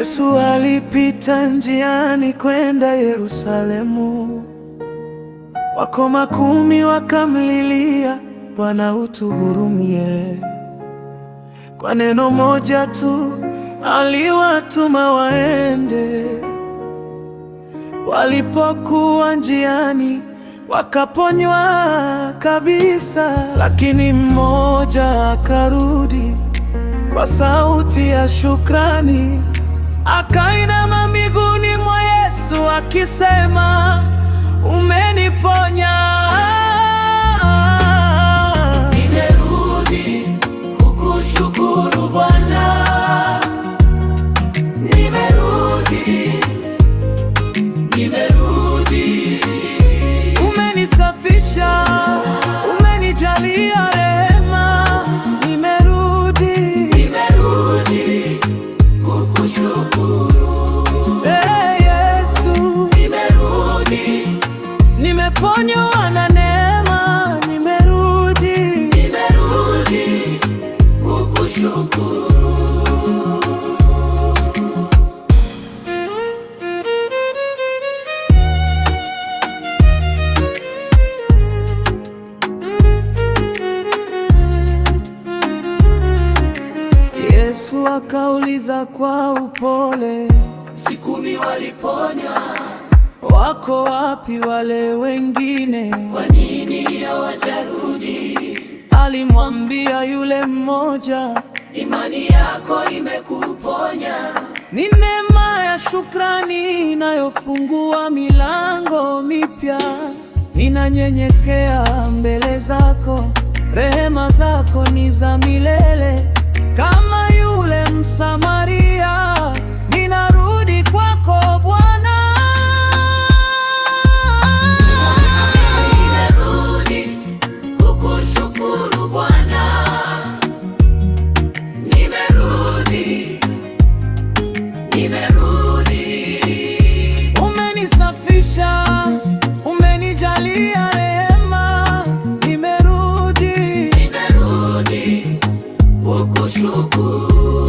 Yesu alipita njiani kwenda Yerusalemu, wakoma kumi wakamlilia, Bwana utuhurumie. Kwa neno moja tu aliwatuma waende. Walipokuwa njiani wakaponywa kabisa, lakini mmoja akarudi kwa sauti ya shukrani akainama miguuni mwa Yesu akisema, umeniponya wangu wakauliza kwa upole, Sikumi waliponywa, wako wapi wale wengine? Kwa nini hawajarudi? Alimwambia yule mmoja, imani yako imekuponya. Ni neema ya shukrani inayofungua milango mipya. Ninanyenyekea mbele zako, rehema zako ni za milele. Msamaria, ninarudi kwako Bwana, ninarudi kukushukuru Bwana, nimerudi, nimerudi. Umenisafisha, umenijalia rehema, nimerudi, nimerudi kukushukuru